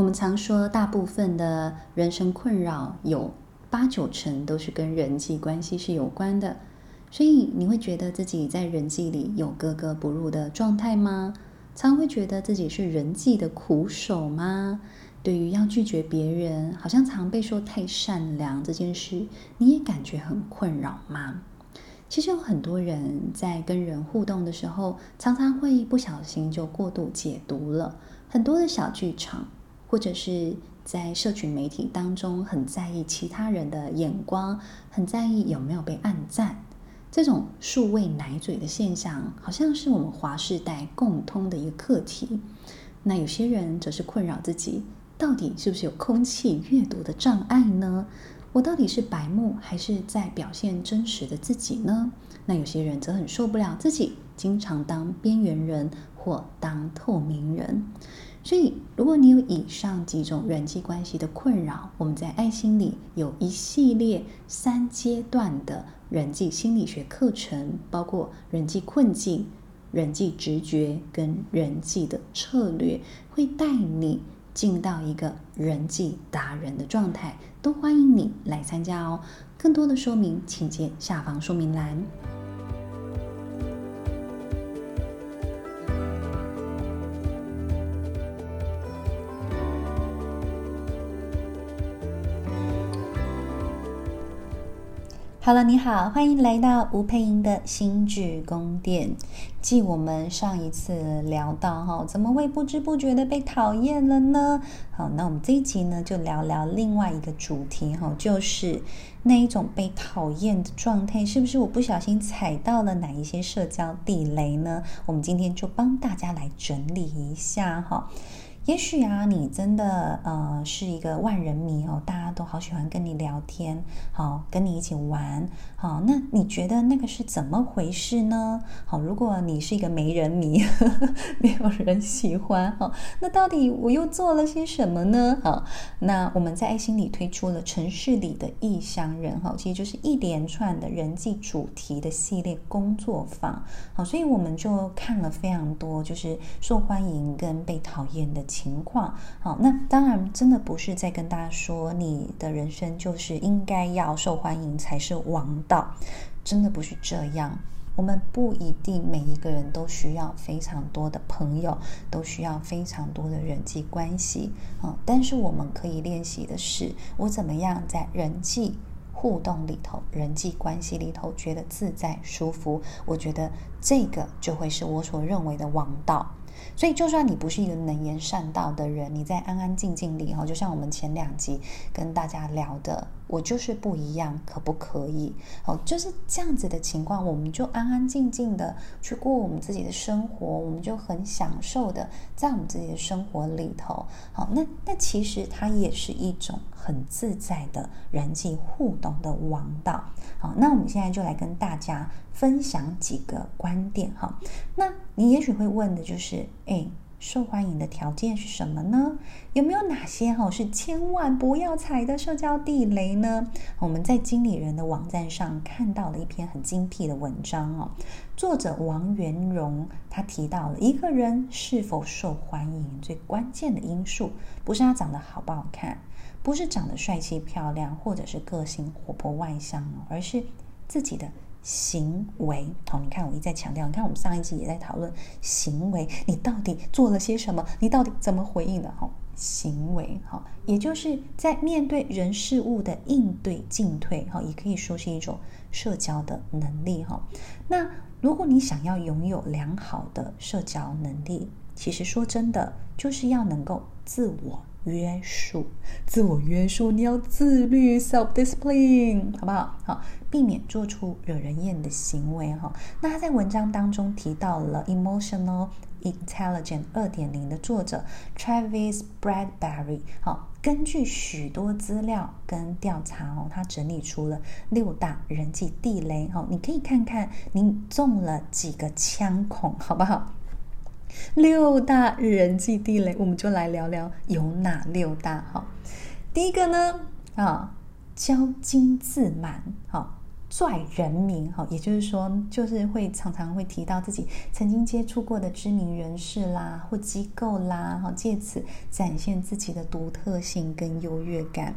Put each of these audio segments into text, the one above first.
我們常說，大部分的人生困擾有八九成都是跟人際關係是有關的。所以你會覺得自己在人際裡有格格不入的狀態嗎？常會覺得自己是人際的苦手嗎？對於要拒絕別人，好像常被說太善良這件事，你也感覺很困擾嗎？其實有很多人在跟人互動的時候，常常會不小心就過度解讀了很多的小劇場。或者是在社群媒體當中很在意其他人的眼光，很在意有沒有被按讚，這種數位奶嘴的現象，好像是我們華世代共通的一個課題。那有些人則是困擾自己，到底是不是有空氣閱讀的障礙呢？我到底是白目還是在表現真實的自己呢？那有些人則很受不了自己，經常當邊緣人或當透明人。所以，如果你有以上幾種人際關係的困擾，我們在愛心理有一系列三階段的人際心理學課程，包括人際困境、人際直覺跟人際的策略，會帶你進到一個人際達人的狀態，都歡迎你來參加哦。更多的說明，請見下方說明欄。哈囉，你好，歡迎來到吳姵瑩的心智宮殿。繼我們上一次聊到哈，怎麼會不知不覺的被討厭了呢？好，那我們這一集呢，就聊聊另外一個主題哈，就是那一種被討厭的狀態，是不是我不小心踩到了哪一些社交地雷呢？我們今天就幫大家來整理一下哈。也許啊，你真的呃是一個萬人迷哦，大家都好喜歡跟你聊天，好，跟你一起玩，好，那你覺得那個是怎麼回事呢？好，如果你是一個沒人迷，呵呵沒有人喜歡，好，那到底我又做了些什麼呢？好，那我們在愛心裡推出了《城市裡的異鄉人》哈，其實就是一連串的人際主題的系列工作坊，好，所以我們就看了非常多就是受歡迎跟被討厭的情情況好，那當然真的不是在跟大家說，你的人生就是應該要受歡迎才是王道，真的不是這樣。我們不一定每一個人都需要非常多的朋友，都需要非常多的人際關係。嗯，但是我們可以練習的是，我怎麼樣在人際互動裡頭、人際關係裡頭覺得自在舒服。我覺得這個就會是我所認為的王道。所以，就算你不是一個能言善道的人，你在安安靜靜裡頭，就像我們前兩集跟大家聊的，我就是不一樣，可不可以？好，就是這樣子的情況，我們就安安靜靜的去過我們自己的生活，我們就很享受的在我們自己的生活裡頭。好，那那其實它也是一種很自在的人際互動的王道。好，那我們現在就來跟大家。分享幾個觀點哈，那你也許會問的就是，哎，受歡迎的條件是什麼呢？有沒有哪些哈是千萬不要踩的社交地雷呢？我們在經理人的網站上看到了一篇很精闢的文章哦，作者王元榮他提到了一個人是否受歡迎，最關鍵的因素，不是他長得好不好看，不是長得帥氣漂亮，或者是個性活潑外向，而是自己的。行為，好，你看我一再強調，你看我們上一集也在討論行為，你到底做了些什麼？你到底怎麼回應的？行為，也就是在面對人事物的應對進退，好，也可以說是一種社交的能力，哈。那如果你想要擁有良好的社交能力，其實說真的，就是要能夠自我約束，自我約束，你要自律 （self-discipline），好不好？好。避免做出惹人厭的行為哈。那他在文章當中提到了 Emotional Intelligence 二點零的作者 Travis Bradberry 好，根據許多資料跟調查哦，他整理出了六大人際地雷，你可以看看你中了幾個槍孔好不好？六大人際地雷，我們就來聊聊有哪六大哈。第一個呢啊，驕矜自滿哈。拽人名，也就是說，就是會常常會提到自己曾經接觸過的知名人士啦，或機構啦，借此展現自己的獨特性跟優越感。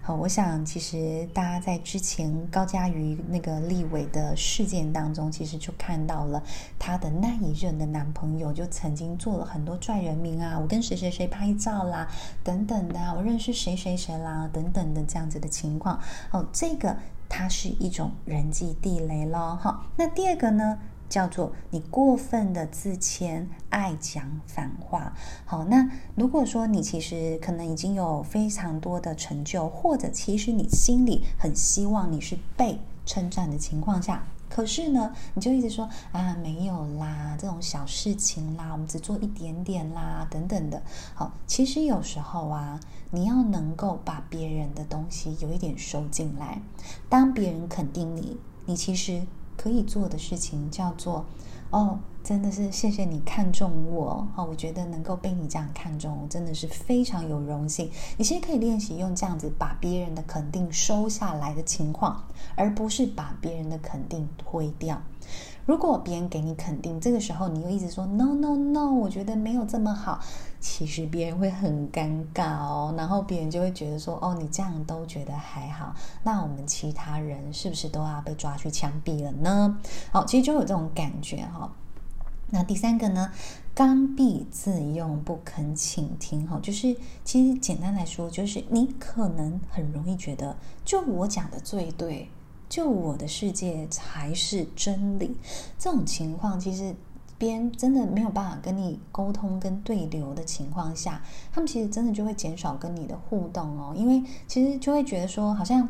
好，我想其實大家在之前高嘉瑜那個立委的事件當中，其實就看到了她的那一任的男朋友就曾經做了很多拽人名啊，我跟誰誰誰拍照啦，等等的，我認識誰誰誰啦，等等的這樣子的情況。哦，這個。它是一種人際地雷咯，哈。那第二個呢，叫做你過分的自謙，愛講反話。好，那如果說你其實可能已經有非常多的成就，或者其實你心裡很希望你是被稱讚的情況下。可是呢，你就一直說啊，沒有啦，這種小事情啦，我們只做一點點啦，等等的。好，其實有時候啊，你要能夠把別人的東西有一點收進來。當別人肯定你，你其實可以做的事情叫做。.哦，oh, 真的是謝謝你看中我，oh, 我覺得能夠被你這樣看中我，真的是非常有榮幸。你其實可以練習用這樣子把別人的肯定收下來的情況，而不是把別人的肯定推掉。如果別人給你肯定，這個時候你又一直說 no, no, no，我覺得沒有這麼好，其實別人會很尷尬哦。然後別人就會覺得說，哦，你這樣都覺得還好，那我們其他人是不是都要被抓去槍斃了呢？哦，其實就有這種感覺哈、哦。那第三個呢，剛愎自用，不肯傾聽哈、哦，就是其實簡單來說，就是你可能很容易覺得，就我講的最對。就我的世界才是真理，這種情況其實別人真的沒有辦法跟你溝通跟對流的情況下，他們其實真的就會減少跟你的互動哦，因為其實就會覺得說好像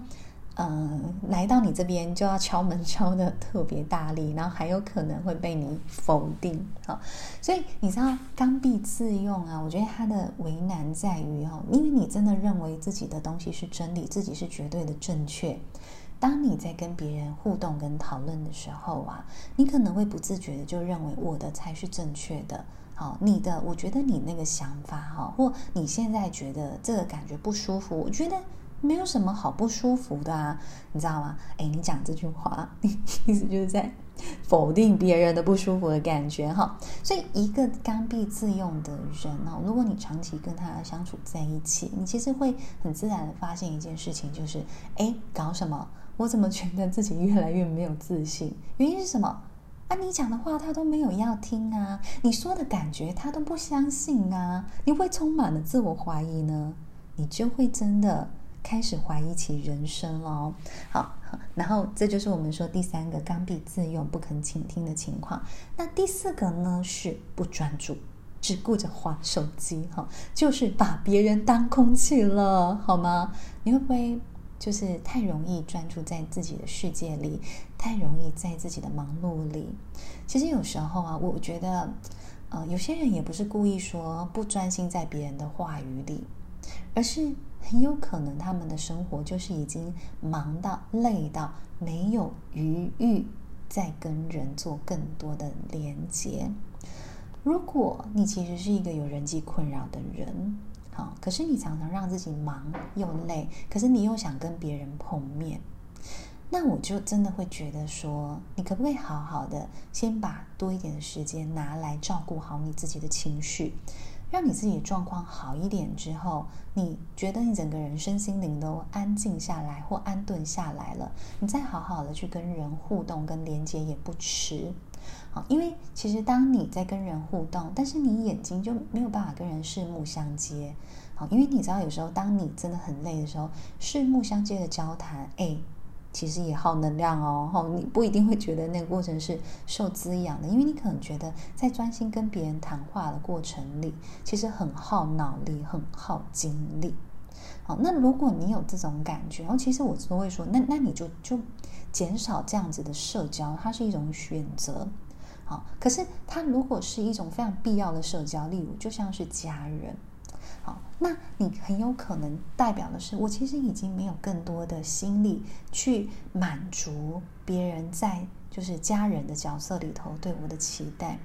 嗯、呃、來到你這邊就要敲門敲得特別大力，然後還有可能會被你否定啊、哦，所以你知道剛愎自用啊，我覺得他的為難在於哦，因為你真的認為自己的東西是真理，自己是絕對的正確。當你在跟別人互動跟討論的時候啊，你可能會不自覺的就認為我的才是正確的。好，你的，我覺得你那個想法哈，或你現在覺得這個感覺不舒服，我覺得沒有什麼好不舒服的啊，你知道嗎？哎，你講這句話，你意思就是在否定別人的不舒服的感覺哈。所以，一個剛愎自用的人呢，如果你長期跟他相處在一起，你其實會很自然的發現一件事情，就是哎，搞什麼？我怎麼覺得自己越來越沒有自信？原因是什麼？啊，你講的話他都沒有要聽啊，你說的感覺他都不相信啊，你會充滿了自我懷疑呢？你就會真的開始懷疑起人生了哦。好，然後這就是我們說第三個剛愎自用不肯傾聽的情況。那第四個呢是不專注，只顧着滑手機，哈，就是把別人當空氣了，好嗎？你會不會？就是太容易專注在自己的世界裡，太容易在自己的忙碌裡。其實有時候啊，我覺得，呃，有些人也不是故意說不專心在別人的話語裡，而是很有可能他們的生活就是已經忙到累到，沒有餘裕再跟人做更多的連接。如果你其實是一個有人際困擾的人。可是你常常讓自己忙又累，可是你又想跟別人碰面，那我就真的會覺得說，你可不可以好好的先把多一點的時間拿來照顧好你自己的情緒，讓你自己的狀況好一點之後，你覺得你整個人身心靈都安靜下來或安頓下來了，你再好好的去跟人互動、跟連接也不遲。好，因為其實當你在跟人互動，但是你眼睛就沒有辦法跟人四目相接。好，因為你知道有時候當你真的很累的時候，四目相接的交談，誒、哎，其實也耗能量哦，哦。你不一定會覺得那個過程是受滋養的，因為你可能覺得在專心跟別人談話的過程裡，其實很耗腦力，很耗精力。好，那如果你有這種感覺，然、哦、後其實我都會說，那那你就就。減少這樣子的社交，它是一種選擇。好，可是它如果是一種非常必要的社交，例如就像是家人，好，那你很有可能代表的是，我其實已經沒有更多的心力去滿足別人在就是家人的角色裡頭對我的期待。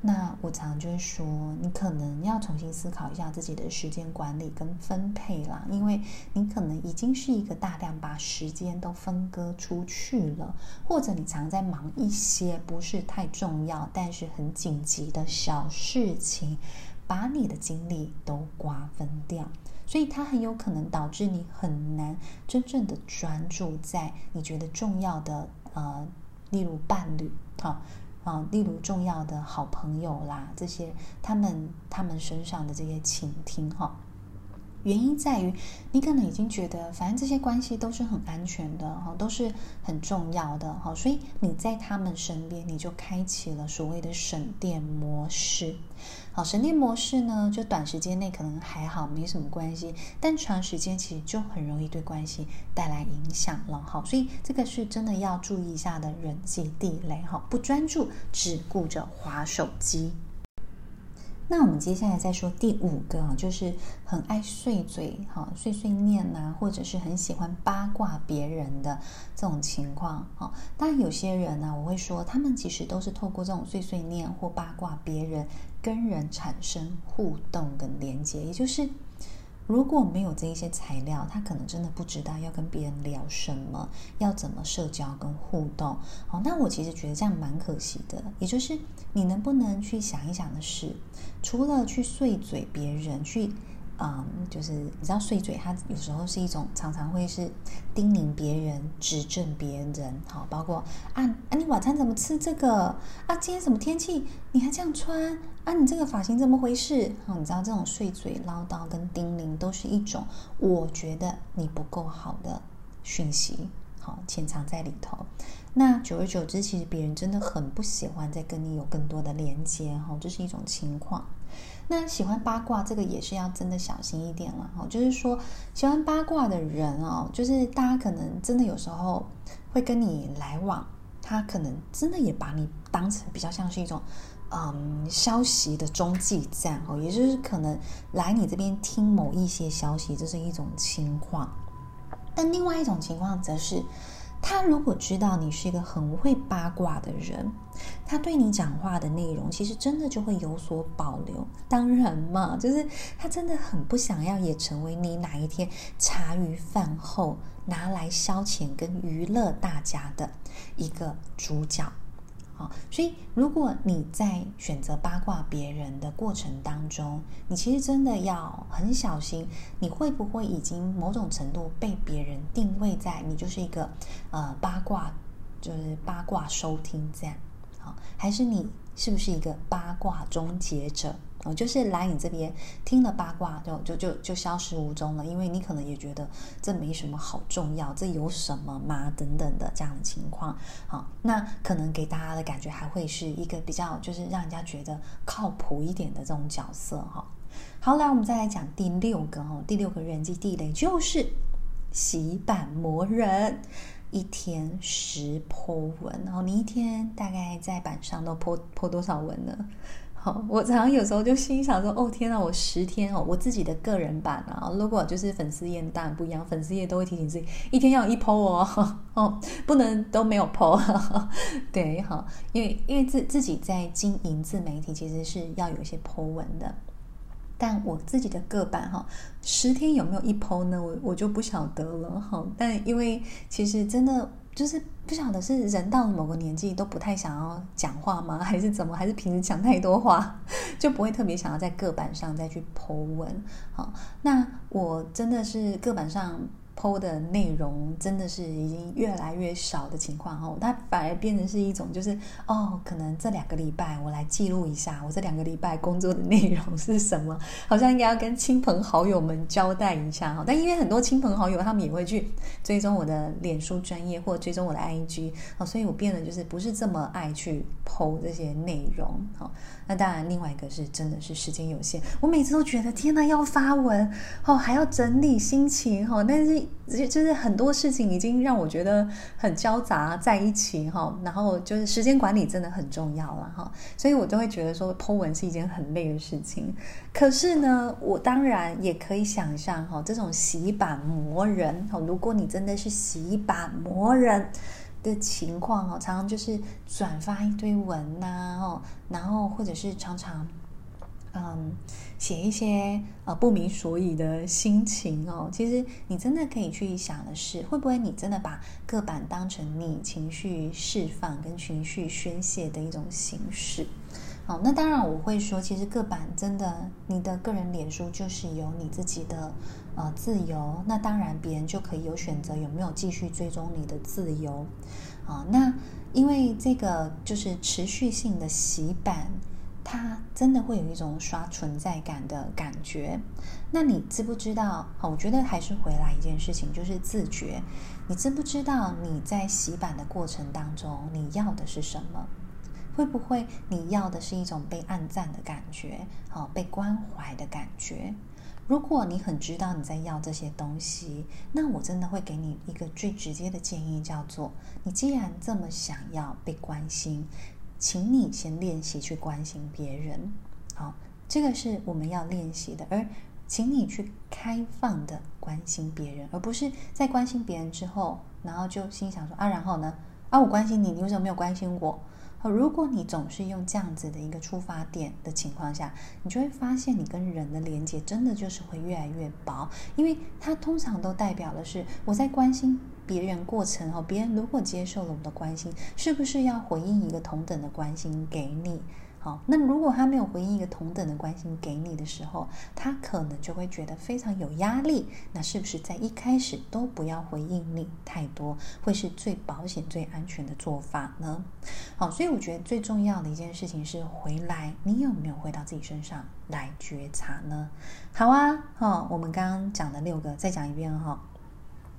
那我常常就會說，你可能要重新思考一下自己的時間管理跟分配啦。因為你可能已經是一個大量把時間都分割出去了，或者你常常在忙一些不是太重要，但是很緊急的小事情，把你的精力都瓜分掉，所以它很有可能導致你很難真正的專注在你覺得重要的呃，例如伴侶，好。啊，例如重要的好朋友啦，這些他們他們身上的這些傾聽哈、哦。原因在於，你可能已經覺得反正這些關係都是很安全的哈，都是很重要的哈，所以你在他們身邊，你就開啟了所謂的省電模式。好，省電模式呢，就短時間內可能還好沒什麼關係，但長時間其實就很容易對關係帶來影響了哈，所以這個是真的要注意一下的人際地雷哈，不專注只顧着滑手機。那我們接下來再說第五個啊，就是很愛碎嘴，哈，碎碎念吶、啊，或者是很喜歡八卦別人的這種情況。當然有些人呢、啊，我會說他們其實都是透過這種碎碎念或八卦別人，跟人產生互動跟連接，也就是。如果沒有這一些材料，他可能真的不知道要跟別人聊什麼，要怎麼社交跟互動。好，哦，那我其實覺得這樣蠻可惜的。也就是你能不能去想一想的是，除了去碎嘴別人，去。嗯，um, 就是你知道，碎嘴他有時候是一種，常常會是叮嚀別人、指正別人，好，包括啊啊，啊你晚餐怎麼吃這個？啊，今天什麼天氣？你還這樣穿？啊，你這個髮型怎麼回事？好，你知道這種碎嘴嘮叨跟叮嚀都是一種，我覺得你不夠好的訊息，好，潛藏在裡頭。那久而久之，其實別人真的很不喜歡再跟你有更多的連接，這是一種情況。那喜歡八卦這個也是要真的小心一點了，就是說，喜歡八卦的人哦，就是大家可能真的有時候會跟你來往，他可能真的也把你當成比較像是一種，嗯，消息的中繼站哦，也就是可能來你這邊聽某一些消息，這是一種情況。但另外一種情況則是，他如果知道你是一個很會八卦的人，他對你講話的內容其實真的就會有所保留。當然嘛，就是他真的很不想要也成為你哪一天茶餘飯後拿來消遣跟娛樂大家的一個主角。好、哦，所以如果你在選擇八卦別人的過程當中，你其實真的要很小心，你會不會已經某種程度被別人定位在你就是一個，呃，八卦就是八卦收聽這樣，好、哦，還是你是不是一個八卦終結者？就是來你這邊聽了八卦，就就就就消失無蹤了，因為你可能也覺得這沒什麼好重要，這有什麼嗎？等等的這樣的情況，好，那可能給大家的感覺還會是一個比較就是讓人家覺得靠譜一點的這種角色哈。好，來我們再來講第六個哦，第六個人際地雷就是洗版魔人，一天十 PO 文，然後你一天大概在板上都 PO PO 多少文呢？我常常有時候就心想說，哦天啊，我十天哦，我自己的個人版啊，如果就是粉絲頁當然不一樣，粉絲頁都會提醒自己一天要有一 PO 哦，哦不能都沒有 PO 對哈，因為因為自自己在經營自媒體其實是要有一些 PO 文的，但我自己的個版哈，十天有沒有一 PO 呢？我我就不曉得了哈，但因為其實真的。就是不曉得是人到了某個年紀都不太想要講話嗎？還是怎麼？還是平時講太多話，就不會特別想要在個版上再去 Po 文。好，那我真的是個版上。PO 的內容真的是已經越來越少的情況哦，它反而變成是一種就是哦，可能這兩個禮拜我來記錄一下我這兩個禮拜工作的內容是什麼，好像應該要跟親朋好友們交代一下哈。但因為很多親朋好友他們也會去追蹤我的臉書專業或追蹤我的 IG 哦，所以我變得就是不是這麼愛去 PO 這些內容哈。那當然，另外一個是真的是時間有限，我每次都覺得天吶要發文哦，還要整理心情哈，但是。就是很多事情已經讓我覺得很交雜在一起哈，然後就是時間管理真的很重要了，啊、哈，所以我都會覺得說 PO 文是一件很累的事情。可是呢，我當然也可以想象哈，這種洗版魔人，如果你真的是洗版魔人的情況，常常就是轉發一堆文吶，啊、然後或者是常常。嗯，寫一些呃不明所以的心情哦。其實你真的可以去想的是，會不會你真的把個板當成你情緒釋放跟情緒宣洩的一種形式？哦，那當然我會說，其實個板真的，你的個人臉書就是有你自己的呃自由。那當然別人就可以有選擇有沒有繼續追蹤你的自由。啊、哦，那因為這個就是持續性的洗版。他真的會有一種刷存在感的感覺，那你知不知道？我覺得還是回來一件事情，就是自覺。你知不知道你在洗版的過程當中，你要的是什麼？會不會你要的是一種被按讚的感覺，被關懷的感覺？如果你很知道你在要這些東西，那我真的會給你一個最直接的建議，叫做：你既然這麼想要被關心。請你先練習去關心別人，好，這個是我們要練習的。而請你去開放地關心別人，而不是在關心別人之後，然後就心想說啊，然後呢？啊，我關心你，你為什麼沒有關心我？好，如果你總是用這樣子的一個出發點的情況下，你就會發現你跟人的連接真的就是會越來越薄，因為它通常都代表的是我在關心。別人過程哦，別人如果接受了我們的關心，是不是要回應一個同等的關心給你？好，那如果他沒有回應一個同等的關心給你的時候，他可能就會覺得非常有壓力。那是不是在一開始都不要回應你太多，會是最保險、最安全的做法呢？好，所以我覺得最重要的一件事情是回來，你有沒有回到自己身上來覺察呢？好啊，好，我們剛剛講的六個，再講一遍哈。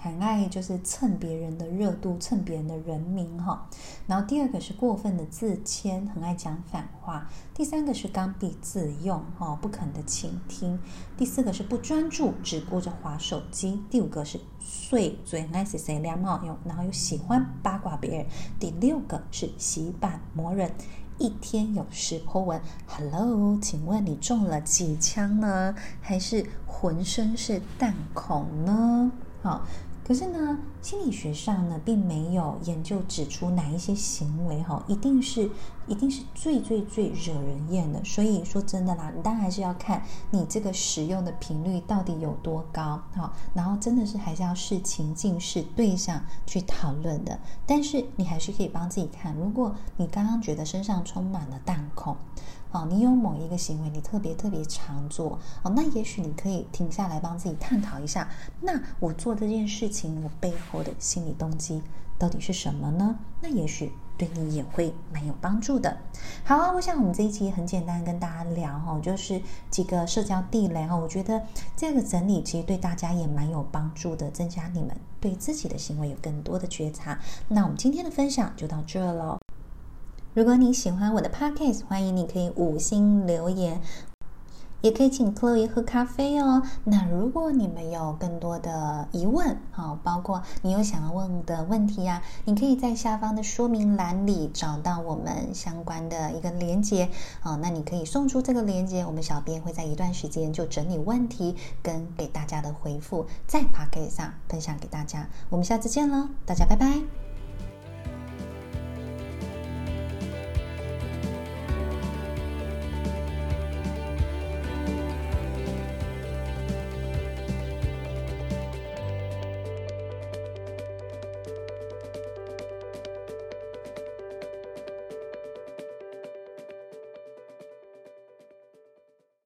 很愛就是蹭別人的熱度，蹭別人的人名哈、哦。然後第二個是過分的自謙，很愛講反話。第三個是剛愎自用，哦不肯的傾聽。第四個是不專注，只顧着滑手機。第五個是碎嘴，nice say 兩毛用，然後又喜歡八卦別人。第六個是洗版魔人，一天有十 po 文。Hello，請問你中了幾槍呢？還是渾身是彈孔呢？好、哦。可是呢，心理學上呢，並沒有研究指出哪一些行為齁，一定是一定是最最最惹人厭的。所以說真的啦，你當然還是要看你這個使用的頻率到底有多高，好，然後真的是還是要視情境視對象去討論的。但是你還是可以幫自己看，如果你剛剛覺得身上充滿了彈孔。哦，你有某一個行為，你特別特別常做哦，那也許你可以停下來幫自己探討一下，那我做的這件事情，我背後的心理動機到底是什麼呢？那也許對你也會蠻有幫助的。好啊，我想我們這一期很簡單跟大家聊哦，就是幾個社交地雷哈，我覺得這樣的整理其實對大家也蠻有幫助的，增加你們對自己的行為有更多的覺察。那我們今天的分享就到這嘍。如果你喜歡我的 podcast 歡迎你可以五星留言，也可以請 Chloe 喝咖啡哦。那如果你們有更多的疑問，啊、哦，包括你有想要問的問題呀、啊，你可以在下方的說明欄裡找到我們相關的一個鏈接，啊、哦，那你可以送出這個鏈接，我們小編會在一段時間就整理問題跟給大家的回復，在 podcast 上分享給大家。我們下次見嘍，大家拜拜。